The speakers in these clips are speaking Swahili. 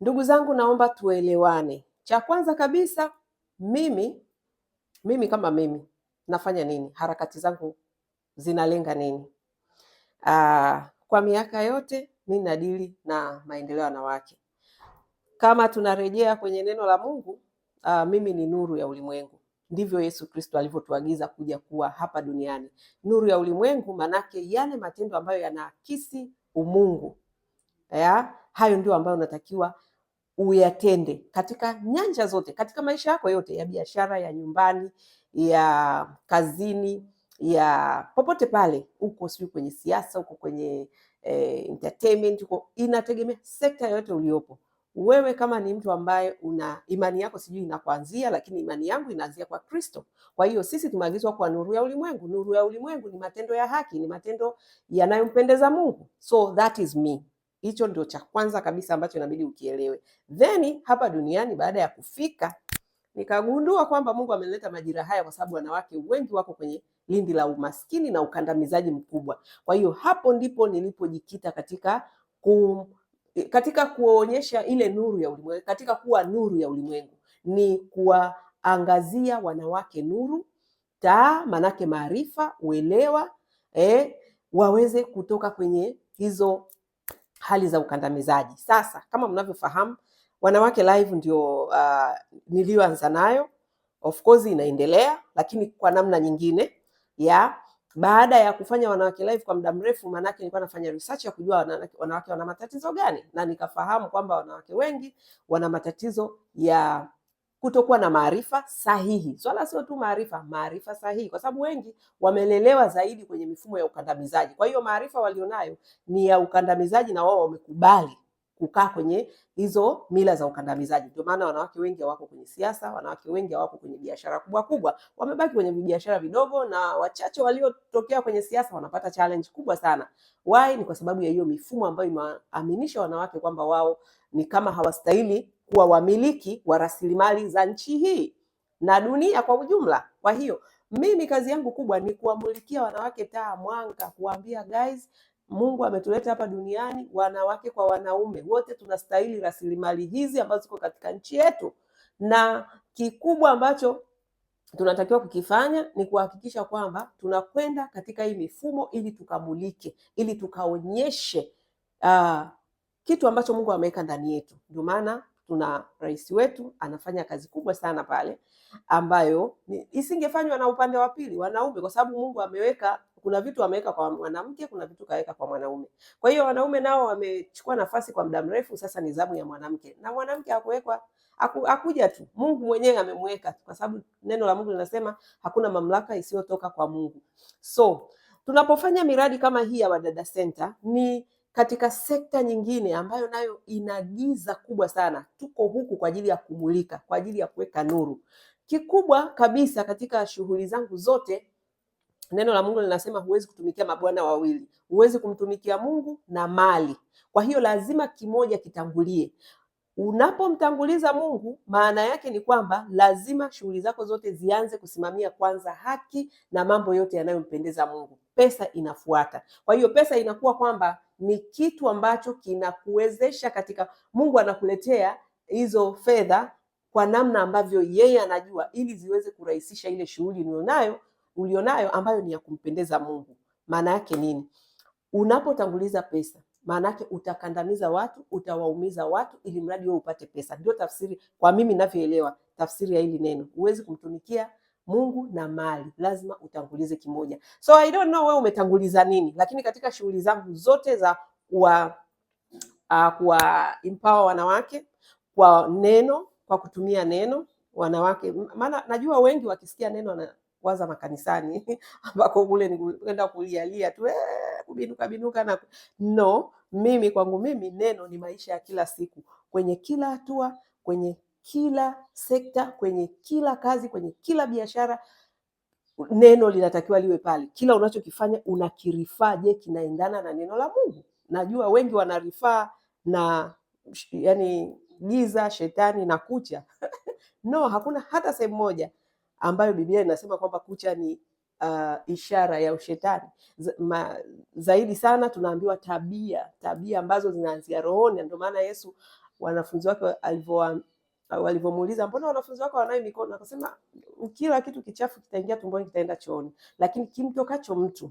Ndugu zangu, naomba tuelewane. Cha kwanza kabisa, mimi mimi kama mimi nafanya nini? Harakati zangu zinalenga nini? Aa, ah, kwa miaka yote mi nadili na maendeleo ya wanawake. Kama tunarejea kwenye neno la Mungu, aa, ah, mimi ni nuru ya ulimwengu. Ndivyo Yesu Kristo alivyotuagiza kuja kuwa hapa duniani nuru ya ulimwengu, manake yale matendo ambayo yanaakisi umungu ya, hayo ndio ambayo unatakiwa uyatende katika nyanja zote, katika maisha yako yote, ya biashara, ya nyumbani, ya kazini, ya popote pale uko, sijui kwenye siasa, uko kwenye eh, entertainment uko, inategemea sekta yoyote uliopo wewe. Kama ni mtu ambaye una imani yako sijui inakuanzia, lakini imani yangu inaanzia kwa Kristo. Kwa hiyo sisi tumeagizwa kwa nuru ya ulimwengu. Nuru ya ulimwengu ni matendo ya haki, ni matendo yanayompendeza Mungu. So that is me. Hicho ndio cha kwanza kabisa ambacho inabidi ukielewe. Then hapa duniani baada ya kufika nikagundua kwamba Mungu ameleta majira haya kwa sababu wanawake wengi wako kwenye lindi la umaskini na ukandamizaji mkubwa. Kwa hiyo hapo ndipo nilipojikita katika ku, katika kuonyesha ile nuru ya ulimwengu, katika kuwa nuru ya ulimwengu ni kuwaangazia wanawake nuru taa, manake maarifa, uelewa eh, waweze kutoka kwenye hizo hali za ukandamizaji. Sasa kama mnavyofahamu, Wanawake Live ndio uh, niliyoanza nayo, of course inaendelea, lakini kwa namna nyingine ya baada ya kufanya Wanawake Live kwa muda mrefu, maanake nilikuwa nafanya research ya kujua wanawake, wanawake wana matatizo gani, na nikafahamu kwamba wanawake wengi wana matatizo ya kutokuwa na maarifa sahihi. Swala sio tu maarifa, maarifa sahihi, kwa sababu wengi wamelelewa zaidi kwenye mifumo ya ukandamizaji. Kwa hiyo maarifa walionayo ni ya ukandamizaji, na wao wamekubali kukaa kwenye hizo mila za ukandamizaji. Ndio maana wanawake wengi hawako kwenye siasa, wanawake wengi hawako kwenye biashara kubwa kubwa, wamebaki kwenye biashara vidogo, na wachache waliotokea kwenye siasa wanapata challenge kubwa sana. Why? Ni kwa sababu ya hiyo mifumo ambayo imeaminisha wanawake kwamba wao ni kama hawastahili kuwa wamiliki wa rasilimali za nchi hii na dunia kwa ujumla. Kwa hiyo mimi kazi yangu kubwa ni kuwamulikia wanawake taa mwanga, kuwaambia guys, Mungu ametuleta hapa duniani, wanawake kwa wanaume, wote tunastahili rasilimali hizi ambazo ziko katika nchi yetu, na kikubwa ambacho tunatakiwa kukifanya ni kuhakikisha kwamba tunakwenda katika hii mifumo ili tukamulike, ili tukaonyeshe uh, kitu ambacho Mungu ameweka ndani yetu. Ndio maana tuna rais wetu anafanya kazi kubwa sana pale ambayo isingefanywa na upande wa pili wanaume, kwa sababu Mungu ameweka kuna vitu ameweka kwa mwanamke, kuna vitu kaweka kwa mwanaume. Kwa hiyo wanaume nao wamechukua nafasi kwa muda mrefu, sasa ni zamu ya mwanamke, na mwanamke hakuwekwa aku, akuja tu, Mungu mwenyewe amemweka, kwa sababu neno la Mungu linasema hakuna mamlaka isiyotoka kwa Mungu. So tunapofanya miradi kama hii ya Wadada Center ni katika sekta nyingine ambayo nayo ina giza kubwa sana, tuko huku kwa ajili ya kumulika, kwa ajili ya kuweka nuru. Kikubwa kabisa katika shughuli zangu zote, neno la Mungu linasema huwezi kutumikia mabwana wawili, huwezi kumtumikia Mungu na mali. Kwa hiyo lazima kimoja kitangulie. Unapomtanguliza Mungu, maana yake ni kwamba lazima shughuli zako zote zianze kusimamia kwanza haki na mambo yote yanayompendeza Mungu pesa inafuata. Kwa hiyo pesa inakuwa kwamba ni kitu ambacho kinakuwezesha katika, Mungu anakuletea hizo fedha kwa namna ambavyo yeye anajua, ili ziweze kurahisisha ile shughuli ulionayo ulionayo ambayo ni ya kumpendeza Mungu. Maana yake nini? Unapotanguliza pesa, maana yake utakandamiza watu, utawaumiza watu, ili mradi wewe upate pesa. Ndio tafsiri kwa mimi ninavyoelewa tafsiri ya hili neno. Huwezi kumtumikia Mungu na mali, lazima utangulize kimoja. So I don't know wewe umetanguliza nini, lakini katika shughuli zangu zote za kuwa uh, kuwa empower wanawake kwa neno, kwa kutumia neno wanawake, maana najua wengi wakisikia neno wanawaza makanisani ambako kule nikuenda kulialia tu eh, kubinuka binuka na no. Mimi kwangu mimi neno ni maisha ya kila siku, kwenye kila hatua, kwenye kila sekta, kwenye kila kazi, kwenye kila biashara neno linatakiwa liwe pale. Kila unachokifanya unakirifaa, je, kinaendana na neno la Mungu? Najua wengi wanarifaa na yani giza, shetani na kucha no, hakuna hata sehemu moja ambayo Biblia inasema kwamba kucha ni uh, ishara ya ushetani. Z ma, zaidi sana tunaambiwa tabia, tabia ambazo zinaanzia rohoni. Ndio maana Yesu wanafunzi wake Ah, walivyomuuliza mbona wanafunzi wako wanayo mikono, akasema kila kitu kichafu kitaingia tumboni, kitaenda chooni, lakini kimtokacho mtu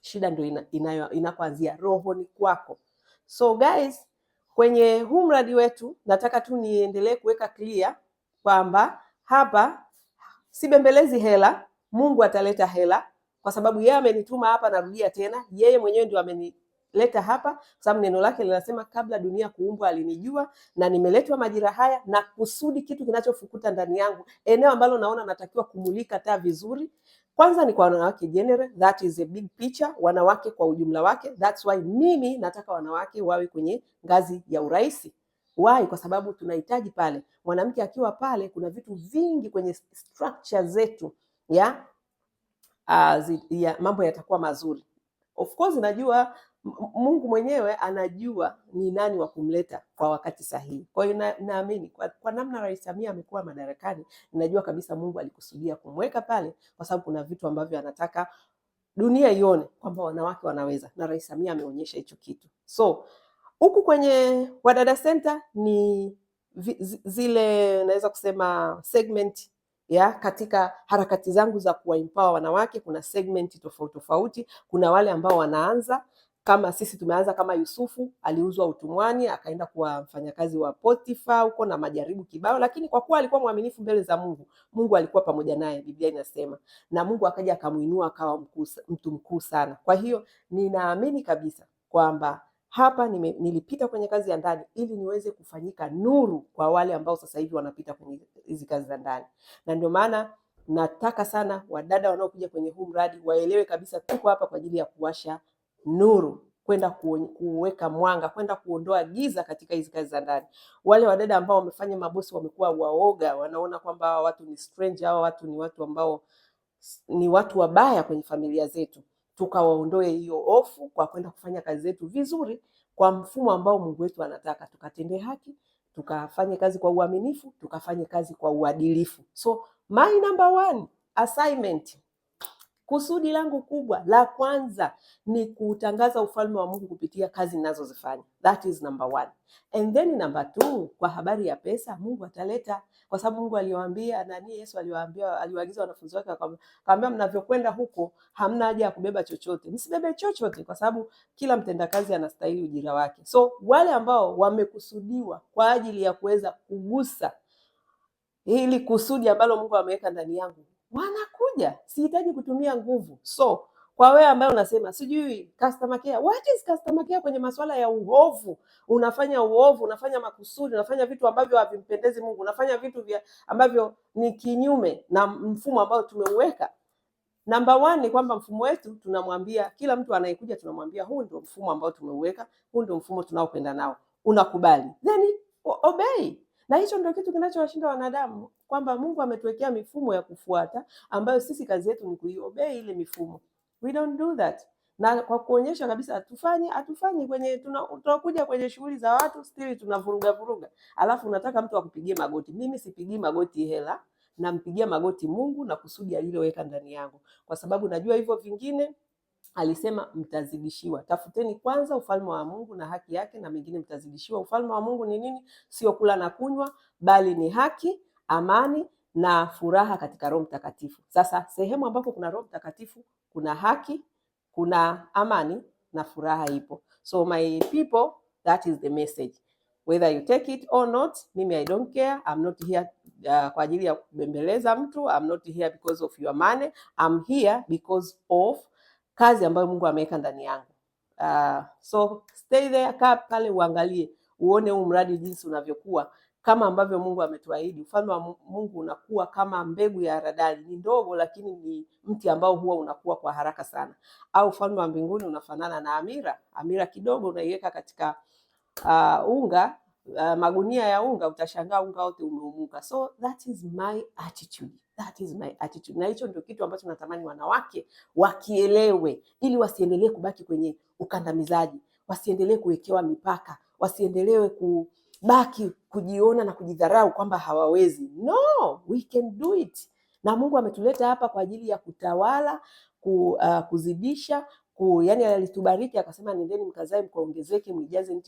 shida ndio inayo roho rohoni kwako. So guys, kwenye huu mradi wetu nataka tu niendelee kuweka clear kwamba hapa sibembelezi hela. Mungu ataleta hela kwa sababu yeye amenituma hapa, narudia tena, yeye mwenyewe ndio ameni nimeleta hapa kwa sababu neno lake linasema kabla dunia kuumbwa alinijua, na nimeletwa majira haya na kusudi kitu kinachofukuta ndani yangu, eneo ambalo naona natakiwa kumulika taa vizuri. Kwanza ni kwa wanawake general, that is a big picture, wanawake kwa ujumla wake. That's why mimi nataka wanawake wawe kwenye ngazi ya uraisi Why? Kwa sababu tunahitaji pale, mwanamke akiwa pale, kuna vitu vingi kwenye structure zetu ya, uh, zi, ya mambo yatakuwa mazuri. Of course najua Mungu mwenyewe anajua ni nani wa kumleta kwa wakati sahihi. Kwa hiyo na, naamini kwa, kwa namna Rais Samia amekuwa madarakani, ninajua kabisa Mungu alikusudia kumweka pale, kwa sababu kuna vitu ambavyo anataka dunia ione kwamba wanawake wanaweza, na Rais Samia ameonyesha hicho kitu. So huku kwenye Wadada Center ni zile naweza kusema segment ya katika harakati zangu za kuwaimpawa wanawake, kuna segmenti tofauti tofauti. Kuna wale ambao wanaanza kama sisi tumeanza kama Yusufu aliuzwa utumwani akaenda kuwa mfanyakazi wa Potifa huko na majaribu kibao, lakini kwa kuwa alikuwa mwaminifu mbele za Mungu, Mungu alikuwa pamoja naye, Biblia inasema, na Mungu akaja akamuinua akawa mtu mkuu sana. Kwa hiyo ninaamini kabisa kwamba hapa nime, nilipita kwenye kazi ya ndani ili niweze kufanyika nuru kwa wale ambao sasa hivi wanapita kwenye hizi kazi za ndani, na ndio maana nataka sana wadada wanaokuja kwenye huu mradi waelewe kabisa, tuko hapa kwa ajili ya kuwasha nuru kwenda kuweka mwanga, kwenda kuondoa giza katika hizi kazi za ndani. Wale wadada ambao wamefanya mabosi wamekuwa waoga, wanaona kwamba hawa watu ni strange, hawa watu ni watu ambao ni watu wabaya kwenye familia zetu, tukawaondoe hiyo hofu kwa kwenda kufanya kazi zetu vizuri kwa mfumo ambao Mungu wetu anataka, tukatende haki, tukafanye kazi kwa uaminifu, tukafanye kazi kwa uadilifu. So my number one assignment Kusudi langu kubwa la kwanza ni kutangaza ufalme wa Mungu kupitia kazi ninazozifanya. That is number one. And then number two, kwa habari ya pesa Mungu ataleta, kwa sababu Mungu aliwaambia nani, Yesu aliwaambia, aliwaagiza wanafunzi wake akamwambia, mnavyokwenda huko hamna haja ya kubeba chochote, msibebe chochote, kwa sababu kila mtendakazi anastahili ujira wake. So wale ambao wamekusudiwa kwa ajili ya kuweza kugusa hili kusudi ambalo Mungu ameweka ndani yangu wanakuja, sihitaji kutumia nguvu. So kwa wewe ambaye unasema sijui customer care, what is customer care kwenye masuala ya uovu? Unafanya uovu, unafanya makusudi, unafanya vitu ambavyo havimpendezi Mungu, unafanya vitu vya ambavyo ni kinyume na mfumo ambao tumeuweka. Namba one ni kwamba mfumo wetu tunamwambia kila mtu anayekuja, tunamwambia huu ndio mfumo ambao tumeuweka, huu ndio mfumo tunaokwenda nao, unakubali then obey na hicho ndio kitu kinachowashinda wanadamu, kwamba Mungu ametuwekea mifumo ya kufuata ambayo sisi kazi yetu ni kuiobei ile mifumo. We don't do that, na kwa kuonyesha kabisa hatufanyi hatufanyi kwenye tunakuja kwenye shughuli za watu stili tunavuruga vuruga, alafu unataka mtu akupigie magoti. Mimi sipigii magoti hela, nampigia magoti Mungu na kusudi aliloweka ndani yangu, kwa sababu najua hivyo vingine alisema mtazidishiwa. Tafuteni kwanza ufalme wa Mungu na haki yake, na mengine mtazidishiwa. Ufalme wa Mungu ni nini? Sio kula na kunywa, bali ni haki, amani na furaha katika Roho Mtakatifu. Sasa sehemu ambapo kuna Roho Mtakatifu kuna haki, kuna amani na furaha ipo. So my people, that is the message whether you take it or not, mimi I don't care. I'm not here uh, kwa ajili ya kubembeleza mtu. I'm not here because of your money. I'm here because of kazi ambayo Mungu ameweka ndani yangu. Uh, so stay there, kaa pale uangalie, uone huu mradi jinsi unavyokuwa kama ambavyo Mungu ametuahidi. Ufalme wa Mungu unakuwa kama mbegu ya haradali, ni ndogo lakini ni mti ambao huwa unakuwa kwa haraka sana. Au ufalme wa mbinguni unafanana na amira. Amira kidogo unaiweka katika uh, unga uh, magunia ya unga, utashangaa unga wote umeumuka. So that is my attitude. That is my attitude. Na hicho ndio kitu ambacho natamani wanawake wakielewe, ili wasiendelee kubaki kwenye ukandamizaji, wasiendelee kuwekewa mipaka, wasiendelee kubaki kujiona na kujidharau kwamba hawawezi. No, we can do it. Na Mungu ametuleta hapa kwa ajili ya kutawala, ku, uh, kuzidisha ku, yani alitubariki akasema, nendeni mkazae mkaongezeke, mwijaze nchi.